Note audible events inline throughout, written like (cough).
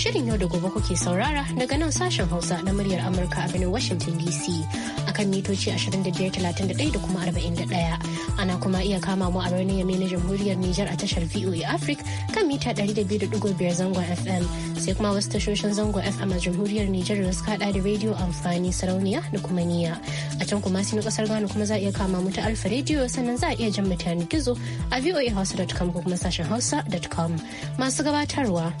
Shirin yau da gobe kuke saurara daga nan sashen Hausa na muryar Amurka a birnin Washington DC akan mitoci 2531 da kuma 41. Ana kuma iya kama mu a birnin Yamai na Jamhuriyar Nijar a tashar VOA Africa kan mita 200.5 zangon FM. Sai kuma wasu tashoshin zangon FM a Jamhuriyar Nijar da suka hada da rediyo amfani sarauniya da kuma niya. A can kuma sinu kasar Ghana kuma za a iya kama mu ta Alfa rediyo sannan za a iya jan mutane gizo a voahausa.com ko kuma sashen hausa.com. Masu gabatarwa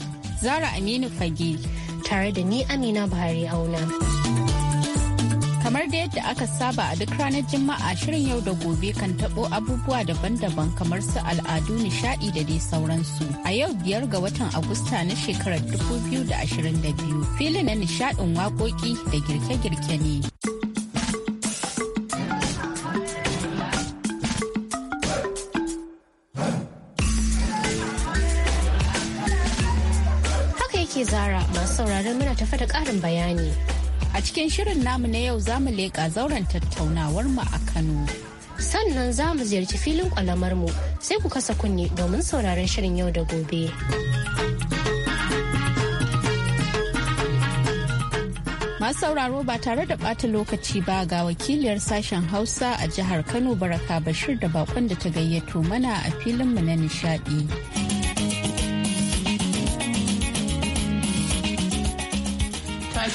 Zara Aminu Fage. Tare da ni Amina Buhari Auna. Kamar da yadda aka saba a duk ranar Juma'a shirin yau da gobe kan tabo abubuwa daban-daban kamar su al'adu nishadi da dai sauransu. A yau biyar ga watan Agusta na shekarar 2022 filin na nishadin waƙoƙi da girke-girke ne. masu sauraron muna tafa da ƙarin bayani. A cikin shirin namu na yau za mu leƙa zauren tattaunawar mu a Kano. Sannan za mu ziyarci filin kwalamar mu sai ku kasa kunne domin sauraron shirin yau da gobe. Masu sauraro ba tare da ɓata lokaci ba ga wakiliyar sashen Hausa a jihar Kano Baraka Bashir da bakon da ta gayyato mana a filinmu na nishaɗi.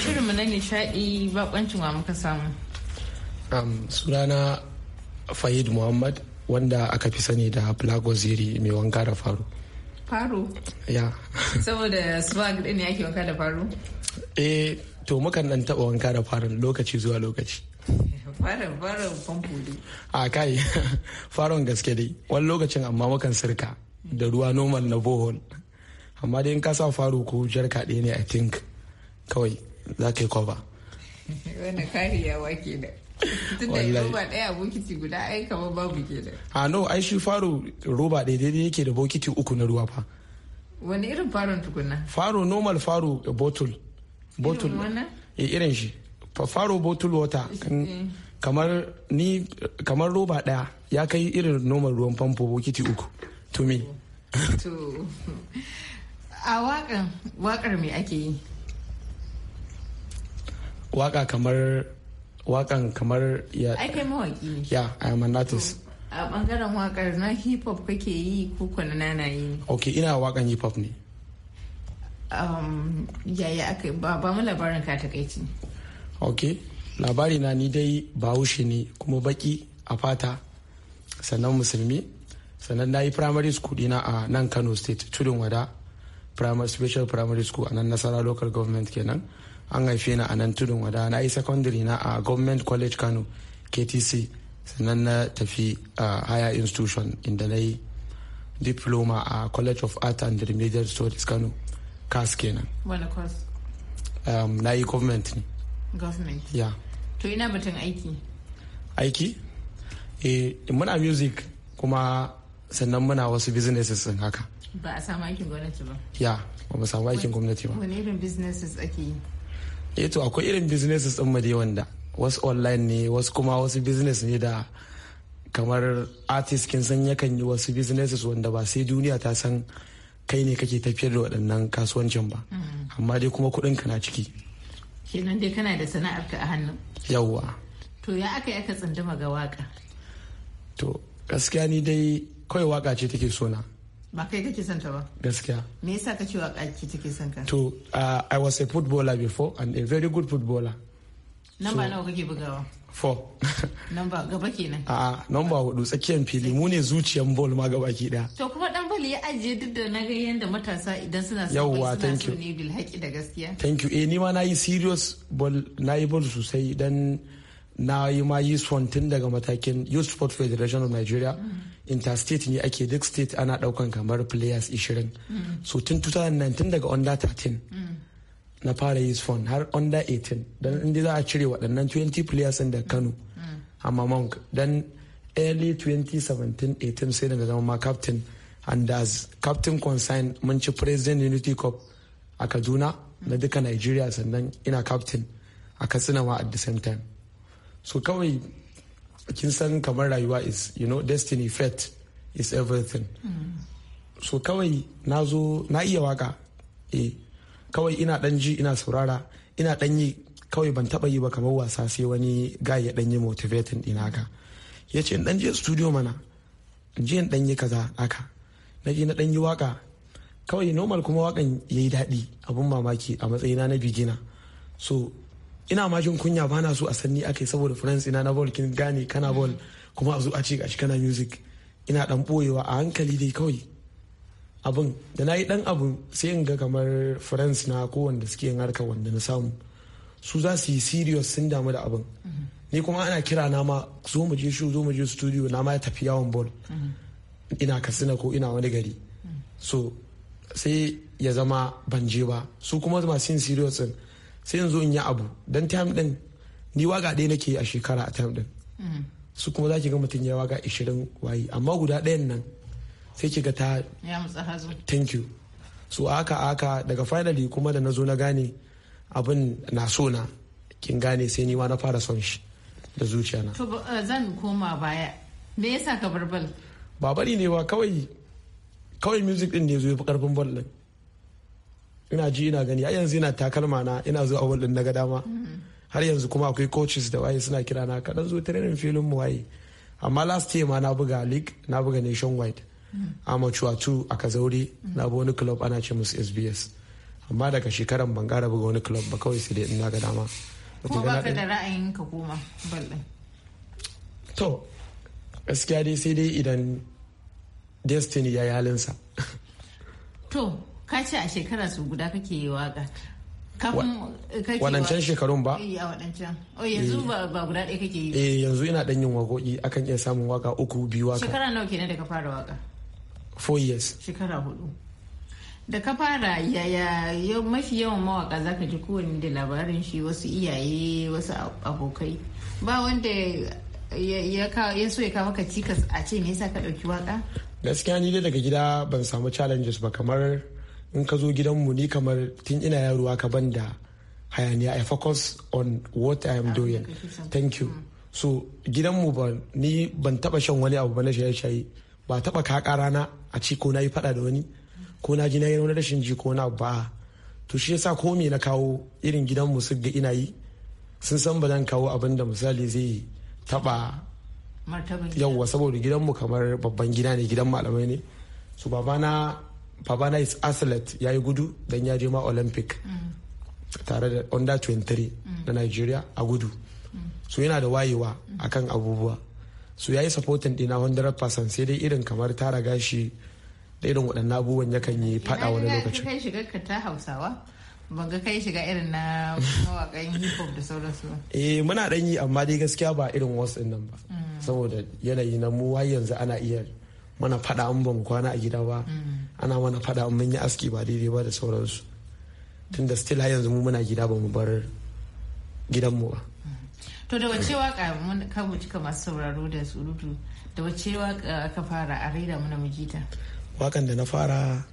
Shirinmu na nishaɗi bakoncin wa muka samu. sunana Fahid Muhammad wanda aka fi sani da Plago Ziri mai wanka da faru. Faru? Ya. Saboda swag ɗin yake wanka da faru? Eh, to mukan ɗan taɓa wanka da farin lokaci zuwa lokaci. Farin farin famfo A kai, farin gaske dai. Wani lokacin amma mukan sirka da ruwa normal na bohol. Amma dai in ka sa faru ko jarka ɗaya ne a think kawai za ka yi kwaba wani kariyawa ke da tunda roba ɗaya bokiti guda ai kamar babu ke da a no ai shi faro roba ɗaya daidai yake da bokiti uku na ruwa fa wani irin faron tukuna faro normal faro bottle bottle irin e, shi faro bottle water kamar ni kamar roba ɗaya ya kai irin normal ruwan famfo bokiti uku to me to a waƙar me ake yi waka kamar wakan kamar ya ai kai mawaki ne ya i am an a bangaren wakar na hip hop kake yi ko na, nana yi ok ina wakan hip hop ne um yaya aka ba ba mu labarin ka kai ok labari na ni dai bahaushe ne kuma baki a fata sannan musulmi sannan na yi primary school dina a nan kano state tudun wada primary special primary school a nan nasara local government kenan an haife ni a nan tudun wada na yi secondary na a government college kano ktc sannan na tafi a higher institution inda na yi diploma a college of art and remedial studies kano cas kenan um, na yi government ne government ya to ina batun aiki aiki eh muna music kuma sannan muna wasu businesses sun haka ba a samu aikin gwamnati ba ya ba mu samu aikin gwamnati ba wani irin businesses ake yi eh to akwai irin businesses din dai wanda wasu online ne wasu kuma wasu business ne da kamar artist kin san yakan yi wasu businesses wanda ba sai duniya ta san kai ne kake tafiyar da waɗannan kasuwancin ba mm. amma dai kuma kuɗin ka na ciki kenan dai kana da sana'ar ka a hannu yawwa to ya aka yi aka tsunduma ga waka to gaskiya ni dai kawai waka ce take sona ba kai kake son ta ba gaskiya me yasa ka ce wa kaki take son ka to uh, i was a footballer before and a very good footballer namba nawa kake bugawa four (laughs) namba gaba kenan a namba hudu tsakiyar fili mu ne zuciyan ball ma gaba ki daya to kuma dan ball ya ajiye duk da na ga yanda matasa idan suna son yawwa thank you ne bil haƙi da gaskiya thank you eh ni ma nayi serious ball nayi ball sosai dan na yi ma yi tun daga matakin youth sport federation of nigeria interstate ne ake duk state ana daukan kamar players 20 so tun 2019 daga under 13 na fara yi swan har under 18 don inda za a cire waɗannan 20 players da kano amma monk don early 2017-18 sai daga zama ma captain and as captain consign mun ci president unity cup a kaduna na duka nigeria sannan ina captain a katsina ma at the same time so kawai kin san kamar rayuwa is you know destiny fate is everything so kawai na zo na iya waka e eh, kawai ina dan ji ina saurara ina dan yi kawai ban taba yi ba kamar wasa sai wani guy ya dan yi motivating din haka ya in dan je studio mana in je dan yi kaza haka na je na dan yi waka kawai normal kuma wakan yayi dadi abun mamaki a matsayina na bigina so ina ma jin kunya ba na so a sanni ake saboda france ina na ball kin gane kana ball kuma a zo a ce gashi kana music ina dan boyewa a hankali dai kawai abun da na yi dan abun sai in ga kamar france na ko wanda suke yin harka wanda na samu su za su yi serious sun damu da abun ni kuma ana kira na ma zo mu je shu zo mu je studio na ma ya tafi yawon ball ina katsina ko ina wani gari so sai ya zama ban je ba su kuma masu yin serious din sai yanzu in yi abu don time din ni waga ɗaya nake a shekara a time din mm. su kuma za ki ga mutum ya waga 20 wayi amma guda ɗayan nan sai ki ga ta ya mutsa hazo thank you so aka aka daga finally kuma da na zo na gane abin na so na kin gane sai ni ma na fara son shi da zuciya na to eh, zan koma baya me yasa ka bar bal ne wa kawai kawai music din ne zo ya fi karfin bal din ina ji ina gani har yanzu ina takalma na ina zuwa awal din na ga dama har yanzu kuma akwai coaches da waye suna kira na kadan zo training filin mu waye amma last year ma na buga league na buga nationwide amateur 2 a kazauri na bi wani club ana ce musu SBS amma daga shekaran ban gara buga wani club ba kawai sai dai ina ga dama ko ba ka da ra'ayin ka goma balle. to gaskiya dai sai dai idan destiny ya yi halinsa to ka ce a shekara su guda kake yi waka wadancan shekarun ba eh, a oh, yanzu eh. ba guda ɗaya kake yi eh yanzu ina dan yin wakoki akan iya samun waka uku biyu waka shekara nawa kenan da ka fara waka four years shekara hudu da ka fara yaya mafi yawan mawaka zaka ji kowane da labarin shi wasu iyaye wasu abokai ba wanda ya so ya kawo ka cikas a ce me yasa ka ɗauki waka gaskiya ni dai daga gida ban samu challenges ba kamar in ka zo gidanmu ni kamar tun ina yaro aka ban da hayaniya i focus on what i am doing thank you so gidanmu ba ni ban taba shan wani abu ba na shaye-shaye ba taba kaka rana a ci ko na yi fada da wani ko na ji na yi raunar rashin ji ko na ba to shi yasa ko me na kawo irin gidanmu su ga ina yi sun san ba zan kawo abin da misali zai taba yauwa saboda gidanmu kamar babban gida ne gidan malamai ne su babana Pabanais athlete ya yi gudu don ya je ma Olympic tare da under 23 na Nigeria a gudu. Su yana da wayewa akan abubuwa. Su ya yi supportin dina 100% sai dai irin kamar tara gashi da irin waɗannan abubuwan ya kan yi fada wani lokaci. Ina shigar ka ta Hausawa? ban ga kai shiga irin na mawakan hip hop da sauransu ba eh muna dan yi amma dai gaskiya ba irin wasu din nan ba saboda yanayi na mu har yanzu ana iya mana fada an ban kwana a gida ba ana mana fada mun yi aski ba daidai ba da sauransu tunda still har yanzu mu muna gida ba mu bar gidanmu ba to da wace waka mun cika masu sauraro da surutu da wace waka ka fara a rera mana mujita wakan da na fara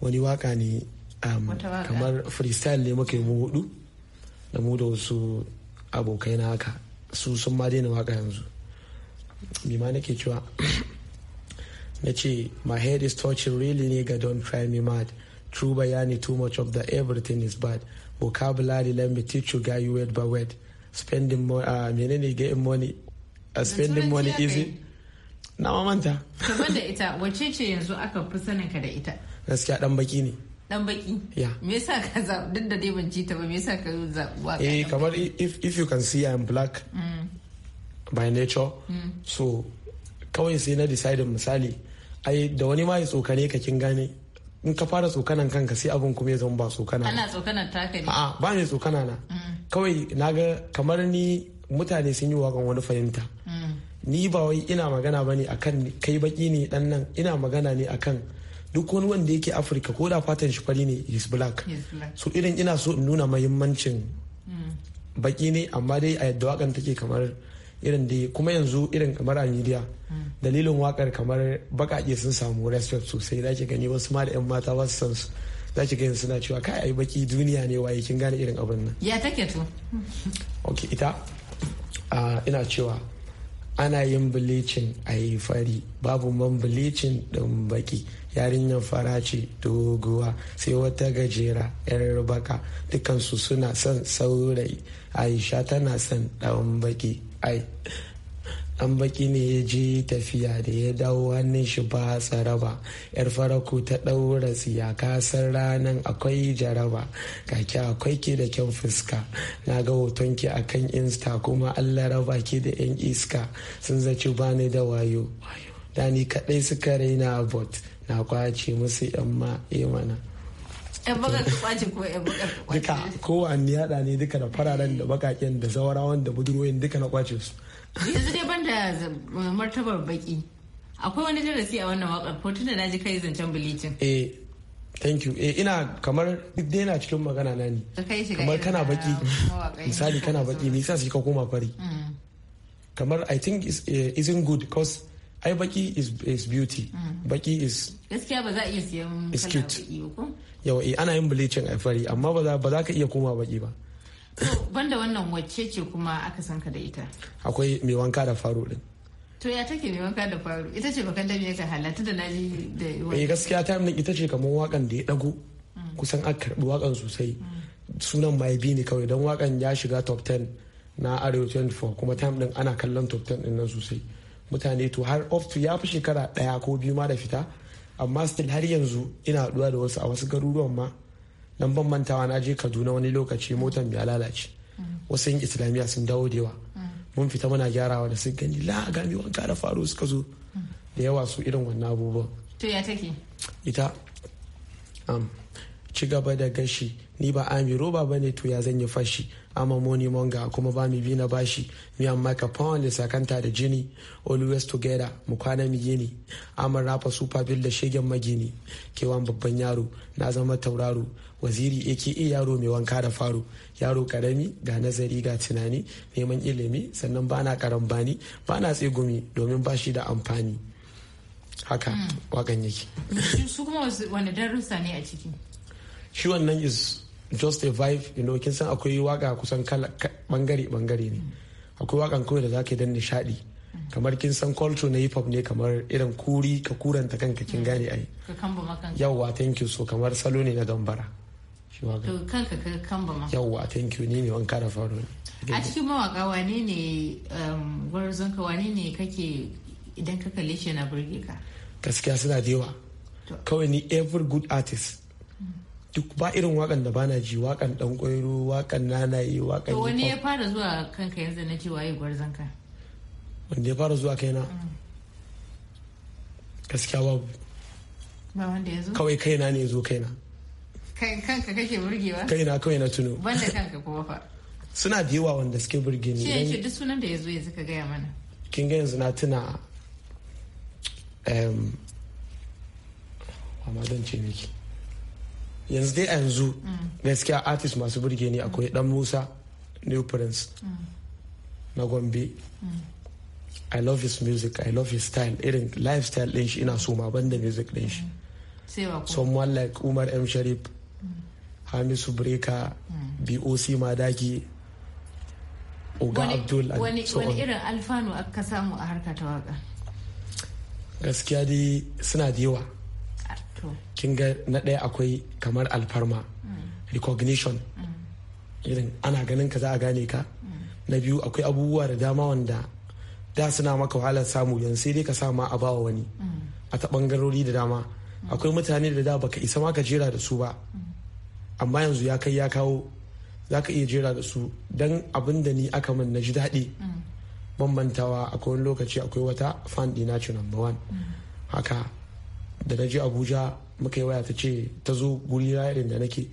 wani waka ne um, kamar freestyle ne muka yi mu hudu da mu da wasu abokai na haka su sun ma daina waka yanzu bi nake cewa na ce my head is touching really ne ga don try me mad true bayani too much of the everything is bad vocabulary let me teach you guy you word by word spending more uh, menene getting money uh, spending money easy na mamanta kamar da ita wacce ce yanzu aka fi sanin ka da ita gaskiya dan baki ne dan baki ya me yasa ka zaɓi duk da dai ban ji ta ba me yasa ka zaɓi waka eh kamar if if you can see i'm black mm. by nature mm. so kawai sai na decide misali ai da wani ma ya tsokane ka kin gane in ka fara tsokanan kanka sai abin kuma ya zama ba tsokana ana tsokanan taka ne a ba ne tsokana mm. na kawai naga kamar ni mutane sun yi wakan wani fahimta mm. ni ba wai ina magana ba ne akan kai baki ne dan nan ina magana ne akan duk wani wanda yake afirka ko da fatan shi fari ne is black so irin ina so in nuna muhimmancin. Mm. baki ne amma dai a yadda wakan take kamar irin da kuma yanzu irin kamar a media dalilin wakar kamar bakaƙe sun samu respect sosai da ke gani wasu ma da yan mata ba su san su da ke gani suna cewa kai ai baki duniya ne waye kin gane irin abin nan ya take to okay ita ina cewa ana yin bilicin a yi fari babu man bilicin din baki yarinyar fara ce doguwa sai wata gajera yar rubaka dukansu suna son saurayi aisha tana son ɗan baki ai an baki ne ya je tafiya da ya dawo hannun shi ba tsaraba yar farako ta ɗaura siya kasar ranar akwai jaraba kaki akwai ke da kyan fuska na ga hoton ki akan insta kuma allah raba ki da yan iska sun zaci ba ni da wayo da ni kaɗai suka raina bot na kwace musu yan eh mana yan bakar kwace ko yan bakar kwace duka kowanne yada ne duka da fararen da bakaken da zawarawan da budurwoyin duka na kwace su yanzu dai ban da martabar baki akwai wani darasi a wannan wakar ko tunda na ji kai zancen bilicin eh thank you eh ina kamar duk dai na cikin magana na ne kamar kana baki misali kana baki me yasa ka koma fari mm. kamar i think is eh, isn't good cause ai baki is, is beauty mm. baki is gaskiya ba za a iya siyan is cute yawa eh ana yin bleaching a fari amma ba za ka iya koma baki ba banda wannan wacce ce kuma aka san ka da ita akwai mai wanka da faro din to ya take mai wanka da faro ita ce bakan da ka halatta da naji da eh gaskiya ta min ita ce kamar wakan da ya dago mm. kusan aka karbi wakan sosai mm. sunan mai bi ne kawai don wakan ya shiga top 10 na arewa 24 kuma time din ana kallon top 10 din nan sosai mutane to har of ya fi shekara ɗaya ko biyu ma da fita amma still har yanzu ina haɗuwa da wasu a wasu garuruwan ma dan ban mantawa na je kaduna wani lokaci motan ya lalace wasu yin islamiyya sun dawo da yawa mun fita muna gyarawa da sun gani la mi wanka da faru suka zo da yawa su irin wannan abubuwan to ya take ita ci gaba da gashi ni ba ami roba bane to ya zanyi fashi ama moni monga kuma ba mi bi na bashi mi maka ka pound sakanta da jini always together mu kwana mi gini ama rafa super bill da shegen magini Ke wan babban yaro na zama tauraro waziri yake iya yaro mai wanka da faro yaro karami ga nazari ga tunani neman ilimi sannan bana karambani bana tsegumi domin bashi da amfani haka hmm. wakan yake shi kuma wani darussa ne a ciki shi wannan is just a vibe you know kin san akwai waka kusan kala bangare bangare ne akwai wakan kawai da zaka dan nishaɗi kamar kin san culture na hip hop ne kamar irin kuri ka kuranta kanka kin gane ai yawwa thank you so kamar salo ne na dambara. to kanka ka kamba ma yawwa thank you ni ne wanka da faro a cikin mawaka wane ne um, gwarzon ka wane ne kake idan ka kalle shi na burge ka gaskiya suna da yawa kawai ni every good artist duk ba irin wakan da bana ji wakan dan kwairo wakan nanaye wakan to wani ya fara zuwa kanka yanzu na cewa yi gwarzon ka wanda ya fara zuwa kaina mm. gaskiya babu ba wanda ya zo kawai kaina ne zo kaina kanka kake burgewa kaina kawai na tuno banda kanka kuma fa (laughs) suna da yawa wanda suke burge ni shi yake duk sunan da ya zo yanzu ka gaya mana kin ga yanzu na tuna em yanzu dai a yanzu gaskiya artist masu burge ni akwai dan musa new prince na gombe i love his music i love his style irin lifestyle din shi ina so ma banda music din shi someone like umar m sharif hamisu breka boc madaki oga abdul wani irin alfanu aka samu a harka ta gaskiya dai suna da yawa kin ga na ɗaya akwai kamar alfarma recognition irin ana ganin ka za a gane ka na biyu akwai abubuwa da dama wanda da suna maka wahalar samu yanzu sai dai ka sa ma a bawa wani a ta bangarori da dama akwai mutane da da baka isa maka jera da su ba amma yanzu ya kai ya kawo za ka iya jera da su don abin da ni aka min na ji daɗi bambantawa akwai wani lokaci akwai wata fan ɗina number haka da na je abuja muka yi waya ta ce ta zo guri ra'ayin da nake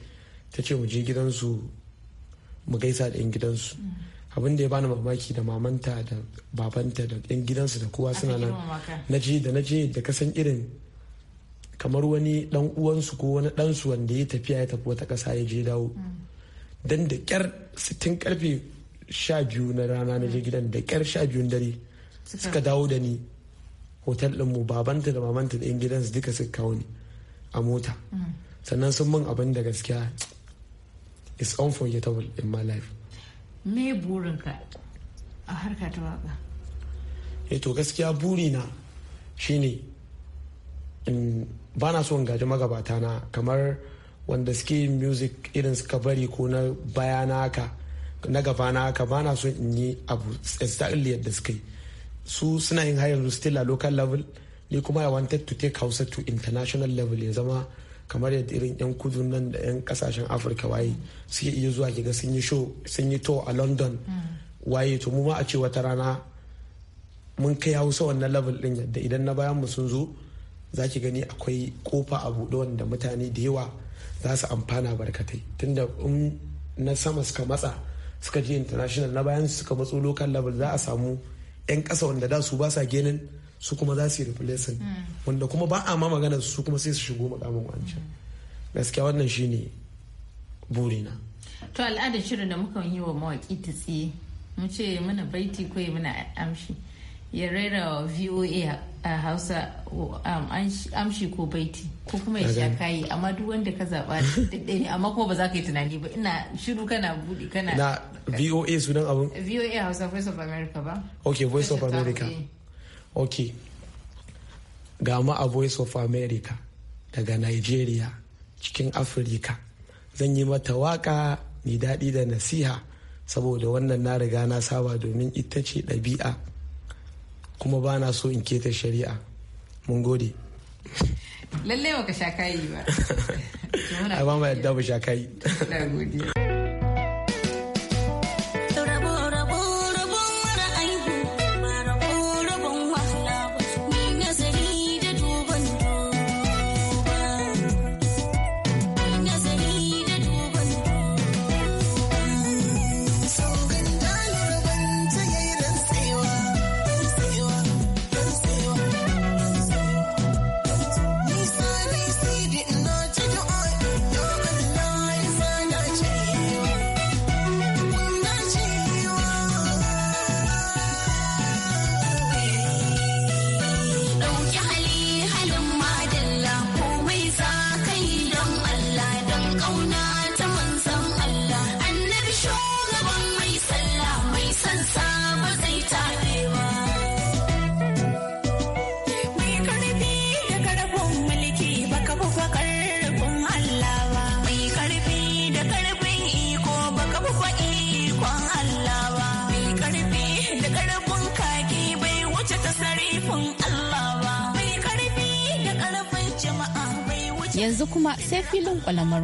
ta ce mu je gidansu mu gaisa da 'yan gidansu mm. abin da ya bani mamaki da mamanta da babanta da 'yan gidansu da kowa suna nan na je da na je da kasan irin kamar wani dan uwansu ko wani ɗansu wanda ya tafiya ya tafi wata ƙasa ya je dawo mm. dan da kyar sittin karfe sha biyu na rana na je mm. gidan da kyar sha biyun dare suka dawo da ni hotel din mu babanta da mamanta da 'yan su duka suka kawo ni a mota sannan sun min abin da gaskiya it's unforgettable in my life me burinka a harka ta waka E eh to gaskiya burina shine in ba na so in gaji magabata na kamar wanda suke music irin suka bari ko na bayana haka na gaba na haka ba na so in yi abu exactly yadda suka yi su suna yin har yanzu still a local level ni kuma i wanted to take hausa to international level ya zama kamar yadda irin yan kudu nan da yan kasashen afirka waye suke iya zuwa ga sun yi show sun yi tour a london mm. waye to mu ma a ce wata rana mun kai hausa wannan level din yadda idan na bayan mu sun zo za ki gani akwai kofa a buɗe wanda mutane da yawa za su amfana barkatai tunda in na sama suka matsa suka je international na bayan suka matso local level za a samu 'yan ƙasa wanda da su ba sa genin su kuma za su yi replacing wanda kuma ba a ma magana su kuma sai su shigo makamin wancan gaskiya wannan shine burina to al'adar shirin da muka yi wa mawaki ta tsiye mu ce muna baiti ko muna amshi ya rera voa a hausa um, amshi ko baiti ko kuma ya sha kayi amma duk wanda ka zaba daɗe ne amma kuma ba za ka yi tunani ba ina shiru kana buɗe kana na voa sunan abin voa hausa voice of america ba ok voice of america ok ga ma a voice of america daga nigeria cikin afirka zan yi mata waka ni daɗi da nasiha saboda wannan na riga na saba domin ita ce ɗabi'a kuma ba na so in keta shari'a mun gode lallai ka sha kayi ba (laughs) ai ba ma yadda ba sha kayi yanzu kuma sai filin kwalamar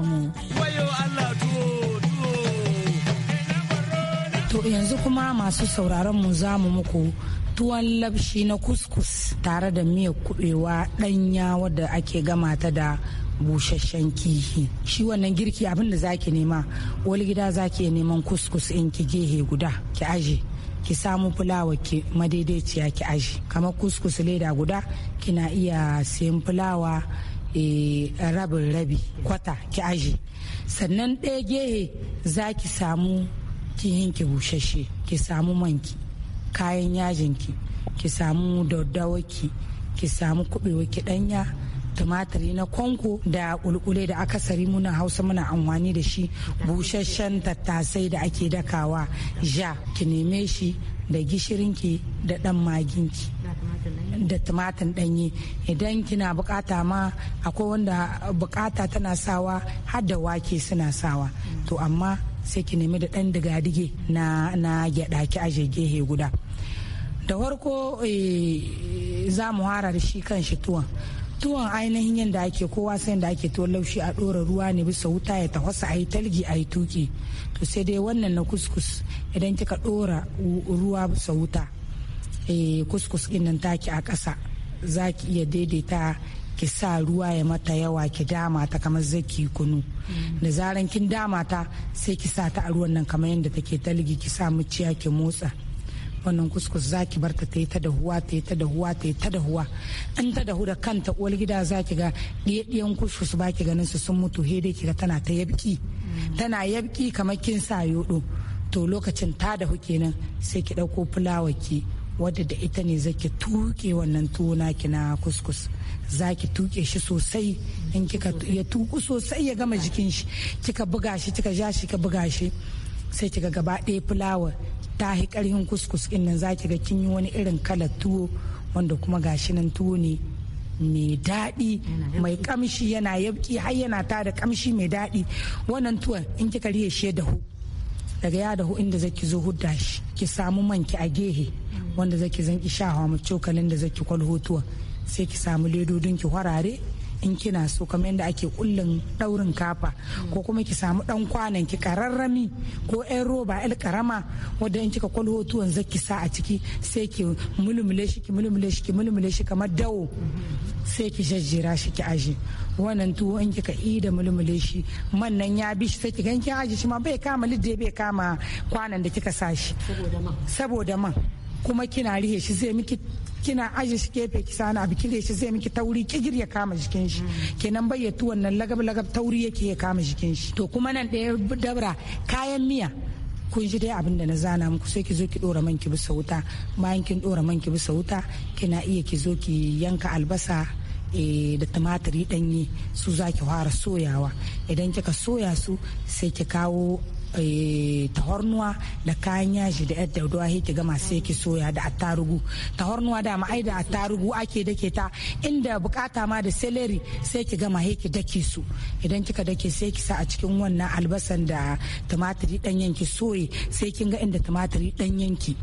To yanzu kuma masu sauraron mu za mu muku tuwon labshi na kuskus tare da miyar kubewa ɗanya wadda ake gama ta da busasshen kihi shi wannan girki abin da zaki nema wani gida zaki neman kuskus in ki gehe guda ki aje ki samu fulawa ki madaidaiciya ki aji kamar kuskus leda guda kina iya sayan fulawa Eh, rabin rabi kwata ki aji sannan ɗaya gehe za ki samu kihin ki bushashe ki samu manki kayan yajinki ki samu daddawaki ki samu kuɓewaki ɗanya tumatiri na kwanko da kulkule da akasari muna hausa muna amfani da shi busasshen tattasai da ake dakawa ja ki neme shi da gishirinki da ɗan maginki da tumatin ɗanye idan kina bukata ma akwai wanda bukata tana sawa har da wake suna sawa to amma sai ki nemi da ɗan digadige na na gyaɗa ki aje gehe guda da farko eh, za mu hara da shi kan shi tuwon tuwon ainihin yadda ake kowa sai da ake tuwon laushi a ɗora ruwa ne bisa wuta ya tafasa a yi talgi a yi tuki to sai dai wannan na kuskus idan kika ɗora ruwa bisa wuta Eh, kuskus ɗinnan taki a ƙasa za ki iya daidaita ki sa ruwa ya mata yawa ki dama ta kamar zaki kunu mm. da zaran kin dama ta sai ki sa ta a ruwan nan kamar yadda take talgi ki sa muciya ki motsa wannan kuskus za ki barta ta ta da huwa ta ta da huwa ta ta da huwa an ta dahu da kanta uwar gida za ki ga ɗiyaɗiyan kuskus ba ki ganin su sun mutu hede ki ga tana ta yabki mm. tana yabki kamar kin sa yodo to lokacin ta dahu kenan sai ki ɗauko fulawa ki wadda da ita ne zaki tuke wannan tuwo naki na kuskus zaki tuke shi sosai in kika ya tuku sosai ya gama jikin shi kika buga shi kika ja shi kika buga shi sai kika gaba ɗaya fulawa ta hi ƙarfin kuskus ɗin nan zaki ga kin yi wani irin kalar tuwo wanda kuma gashi nan tuwo ne mai daɗi mai kamshi yana yabki har yana ta da kamshi mai daɗi wannan tuwon in kika riye shi hu daga ya hu inda zaki zo hudda shi ki samu manki a gehe wanda zaki zanki sha mu cokalin da zaki kwalhotuwa sai ki samu ledodin ki warare in kina so kamar yadda ake kullun daurin kafa ko kuma ki samu dan kwanan ki kararrami ko yan roba el karama wanda in kika kwal hotuwan zaki sa a ciki sai ki mulmule shi ki mulmule shi ki mulmule shi kamar dawo sai ki jajjera shi ki aje wannan tuwo in kika yi da mulmule shi man nan ya bi shi sai ki ganki aje shi ma bai kama lidde bai kama kwanan da kika sa shi saboda man kuma kina rihe shi zai miki kina aje shi gefe ki sana abu kire shi zai miki tauri kigir ya kama jikin shi kenan bayyatu wannan lagab lagab tauri yake ya kama jikin shi to kuma nan ɗaya dabra kayan miya kun ji dai abin da na zana muku sai ki zo ki dora man ki bisa wuta bayan kin dora man ki bisa wuta kina iya ki zo ki yanka albasa eh, da tumatiri danyi su zaki ki fara soyawa idan kika soya su sai ki kawo Eh, tahornuwa da kayan yaji da yadda daudawa yake gama sai ki soya da attarugu tahornuwa da ma ai da attarugu ake dake ta inda bukata ma da celery sai ki gama yake dake su idan kika dake sai ki sa a cikin wannan albasan da tumatiri ɗanyen ki soye sai kin ga inda tumatir ɗanyen ki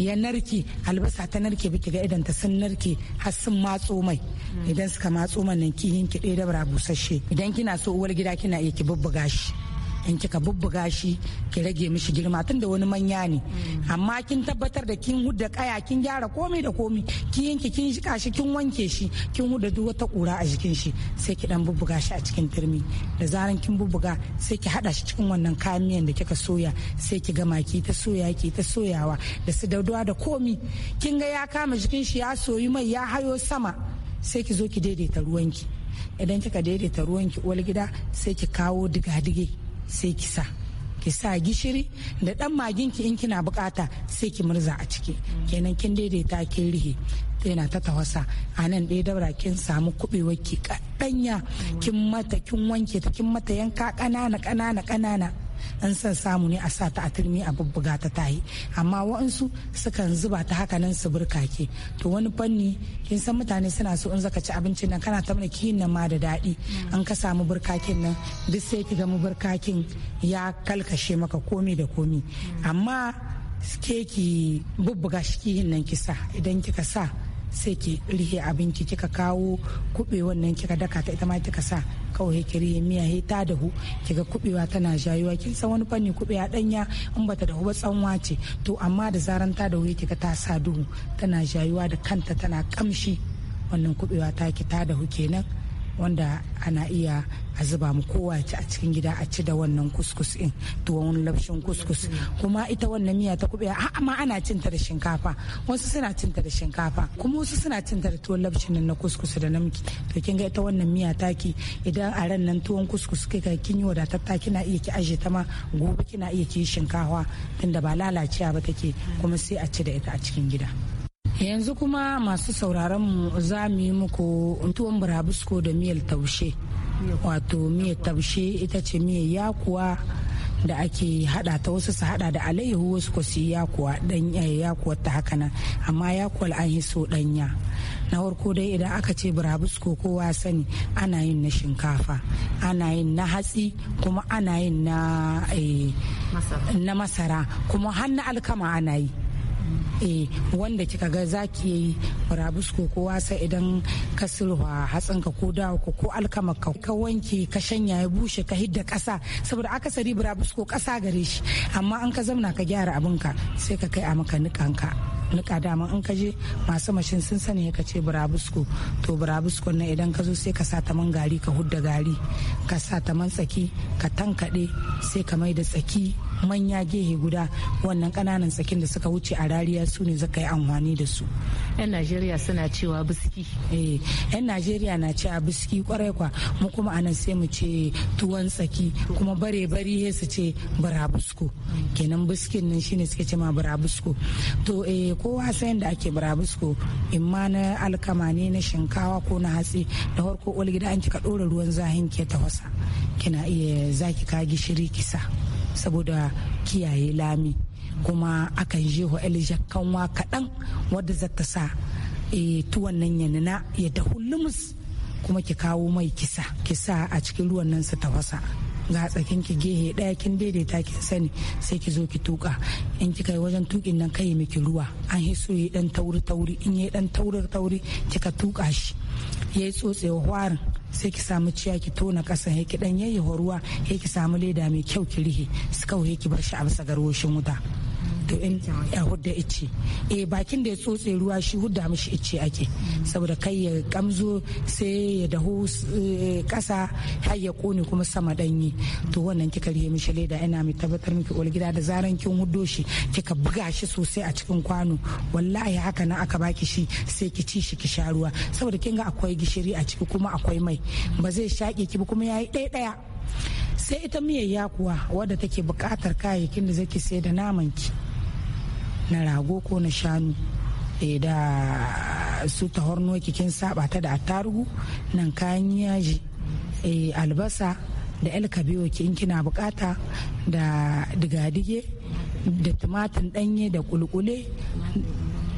ya narki albasa ta narke biki ga idan ta sun narke har sun matso mai idan suka matso man nan kihin ki ɗaya da busasshe idan kina so uwar gida kina iya ki bubbuga shi in kika bubbuga shi ki rage mishi girma tun da wani manya ne amma kin tabbatar da kin hudda kaya kin gyara komai da komai ki yanke kin shika shi kin wanke shi kin hudda duk wata kura a jikin shi sai ki dan bubbuga shi a cikin turmi da zaran kin bubbuga sai ki hada shi cikin wannan kayan miyan da kika soya sai ki gama ki ta soya ki ta soyawa da su daudawa da komi kin ga ya kama jikin shi ya soyi mai ya hayo sama sai ki zo ki daidaita ruwanki idan kika daidaita ruwanki uwar gida sai ki kawo diga-dige sai ki sa ki sa gishiri da dan maginki in kina bukata sai ki murza a ciki kenan kin daidaita kin rihe yana ta tawasa a nan ɗaya daura kin samu kuɓewar ki kaɗanya kin mata kin wanke ta kin mata yanka ƙanana ƙanana ƙanana an san samu ne a sa ta a turmi a bubbuga ta tayi amma wa'ansu sukan zuba ta haka nan su burkake to wani fanni kin san mutane suna so in zaka ci abincin nan kana ta kiyin nan ma da daɗi mm. an ka samu burkakin nan duk sai ki ga mu burkakin ya kalkashe maka komi da komi mm. amma ke keki bubbuga shi kiyin nan kisa idan kika sa sai ki rihe abinci kika kawo kube wannan kika daka ta ita ma kika sa kawai ki rihe miya he ta dahu kiga kubewa tana jayuwa kin san wani fanni a danya in bata dahu ba tsanwa ce to amma da zaran ta dahu kika ta sa duhu tana jayuwa da kanta tana kamshi wannan kubewa ta ki ta dahu kenan wanda ana iya a zuba mu kowa a cikin gida a ci da wannan kuskus in tuwon lafshin kuskus kuma ita wannan miya ta kube a ana cin ta da shinkafa wasu suna cin ta da shinkafa kuma wasu suna cin ta da tuwon lafshin nan na kuskus da namki to kin ga ita wannan miya taki idan a ran nan tuwon kuskus kai kika kin yi wadatatta kina iya ki aje ta ma gobe kina iya ki shinkafa tunda ba lalacewa ba take kuma sai a ci da ita a cikin gida. yanzu kuma masu sauraron mu za mu yi muku tuwon burabusko da miyar taushe wato miyar taushe ita ce miyar yakuwa da ake hada ta wasu su hada da alayyahu wasu ko su yakuwa dan eh, yakuwa ta haka nan amma yakwal an yi so danya na farko dai idan aka ce burabusko kowa sani ana yin na shinkafa ana yin na hatsi kuma ana yin na eh, masara kuma har na alkama ana yi E wanda kika ga zaki yi rabus ko ko wasa idan ka sulwa hatsin ka ko dawa ko ko alkama ka ka wanke ka shanya ya bushe ka hidda kasa saboda akasari rabus ko kasa gare shi amma an ka zamna ka gyara abinka sai ka kai a maka nikanka nika dama in ka je masu mashin sun sani ka ce burabusko to burabusko na idan ka zo sai ka sa ta man gari ka hudda gari ka sa man tsaki ka tankaɗe sai ka mai da tsaki manya gehe guda wannan kananan tsakin da suka wuce a rariya su ne zaka yi amfani da su yan najeriya suna cewa biski eh yan najeriya na cewa biski kwarai kwa mu kuma anan sai mu ce tuwon tsaki kuma bare bari he su ce burabusko kenan biskin nan shine suke ce ma burabusko to eh kowa sayan da ake burabusko in ma na alkama ne na shinkawa ko na hatsi da farko olgida an ka dora ruwan zahin ke tafasa kina iya zaki ka gishiri kisa saboda kiyaye lami kuma akan je wa kanwa kaɗan wadda za ta sa eh, tuwon nan ya nuna ya dahu lumus kuma ki kawo mai kisa kisa a cikin ruwan nan su tafasa ga tsakin ki gehe daya kin daidaita ki sani sai ki zo ki tuka in kika yi wajen tukin nan kai miki ruwa an hiso yi dan tauri tauri in yi dan tauri tauri kika tuka shi yayi tsotsewa hwarin sai ki samu ciya ki tona kasan ki dan horuwa ya ki samu leda mai kyau ki rihe su kawai ki bar shi a bisa garwoshin wuta hudda a hudda ice eh bakin da ya tsotse ruwa shi hudda mishi ice ake saboda kai ya kamzo sai ya dahu kasa eh, har ya kone kuma sama danyi to wannan kika rihe mishi leda ina mai tabbatar miki wani gida da zaran kin huddo shi kika buga shi sosai a cikin kwano wallahi haka na aka baki shi sai ki ci shi ki sha ruwa saboda kin ga akwai gishiri a ciki kuma akwai mai ba zai shaƙe ki ba kuma yayi ɗaya ɗaya sai ita miyayya kuwa wadda take buƙatar kayayyakin da zaki sai da naman ki na rago ko na shanu eh, da su horno kikin saba ta da attarugu nan kayan yaji eh, albasa da alkabewa in kina bukata da digadige da tumatin danye da kulkule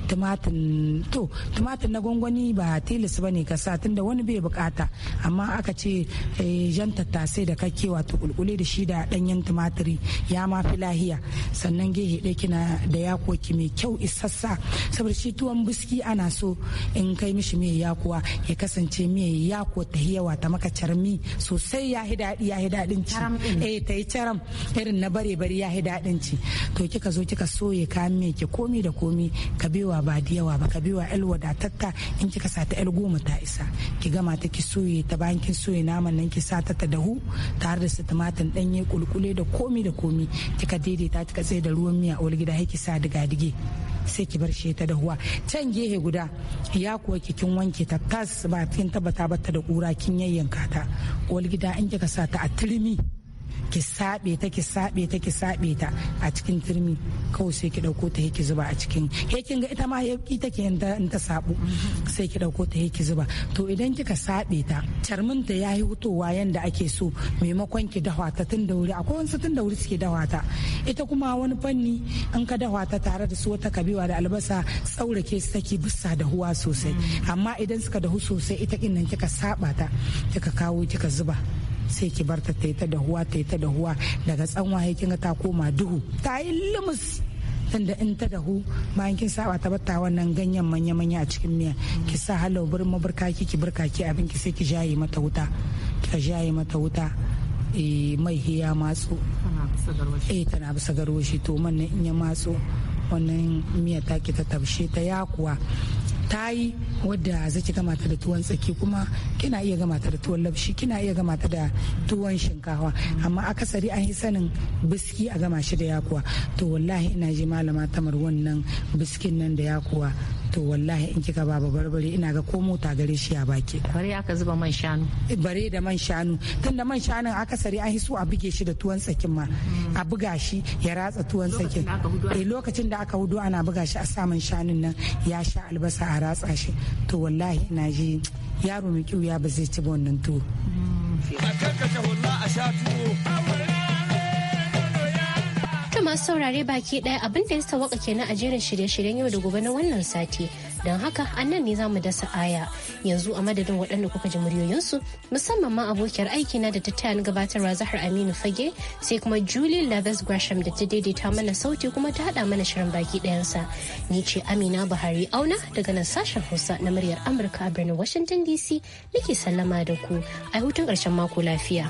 tumatin to tumatin na gwangwani ba tilis ba ne kasa sa tunda wani bai bukata amma aka ce eh, jan tattasai da kake wato kulkule da shi da danyen tumatiri ya ma fi lahiya sannan gehe ɗaya kina da yakoki mai kyau isassa saboda shi tuwon biski ana so in kai mishi mai yakuwa ya kasance mai yako ta hiyawa ta maka carmi sosai ya hi daɗi ya hi daɗin ci eh ta yi caram irin na bare bare ya hi daɗin ci to kika zo kika soye kamin ki komi da komi ka biwa yawa ba da yawa ba ka biwa yan wadatatta in kika sa ta yan goma ta isa ki gama ta ki soye ta bayan kin soye naman nan ki sa ta ta dahu tare da su tumatir danye kulkule da komi da komi kika daidaita kika tsaye da ruwan miya a gida sai ki sa diga dige sai ki bar shi ta dahuwa can gehe guda ya kuwa kin wanke ta tas ba kin tabbata ba ta da kura kin yayyanka ta wani gida in kika sa ta a turmi ki sabe ta ki sabe ta ki sabe ta a cikin turmi kawai sai ki dauko ta ki zuba a cikin he ga ita ma ya take ta ta in ta sabo sai ki dauko ta ki zuba to idan kika sabe ta charmin ta yayi hutowa yanda ake so maimakon ki dawa ta tun da wuri akwai wasu tun da wuri suke dawa ta ita kuma wani fanni an ka dawa ta tare da su wata kabewa da albasa tsaurake su take bisa da huwa sosai amma idan suka dahu sosai ita kin nan kika saba ta kika kawo kika zuba sai ki bar ta ta dahuwa ta ta dahuwa daga tsanwa ya kinga ta koma duhu ta yi limus tunda in ta dahu bayan kin saba ta batta wannan ganyen manya manya a cikin miya ki sa halau burin maburkaki ki ki abin ki sai ki jaye mata wuta ki jaye mata wuta eh, mai hiya matso eh tana bisa garwashi to man in ya matso wannan miya ta ki ta tabshe ta yakuwa ta yi wadda zaki gama ta da tuwon tsaki kuma kina iya gama ta da tuwon labshi kina iya gama ta da tuwon shinkawa amma akasari an yi sanin biski a gama shi da yakuwa to wallahi ina ji malama tamar wannan biskin nan da yakuwa to wallahi in kika ba barbare ina ga ko mota gare shi a baki bare aka zuba man shanu bare da man shanu tunda man shanu aka sari an hiso a buge shi da tuwon tsakin ma mm. a buga shi ya ratsa tuwon tsakin eh, lokacin da aka hudu ana buga shi a saman shanun nan ya sha albasa a ratsa shi to wallahi ina ji yaro mai kiwo ya ba zai ci wannan tuwo mm. a kankata wallahi a sha tuwo masu saurare baki ɗaya abin da ya sawaka kenan a jerin shirye-shiryen yau da gobe na wannan sati. Don haka a nan ne za mu dasa aya yanzu a madadin waɗanda kuka ji muryoyinsu musamman ma abokiyar aikina da ta taya gabatarwa Zahar Aminu Fage sai kuma Julie Lathers Gresham da ta daidaita mana sauti kuma ta haɗa mana shirin baki ɗayansa. Ni ce Amina Buhari Auna daga nan sashen Hausa na muryar Amurka a birnin Washington DC nake sallama da ku. a hutun ƙarshen mako lafiya.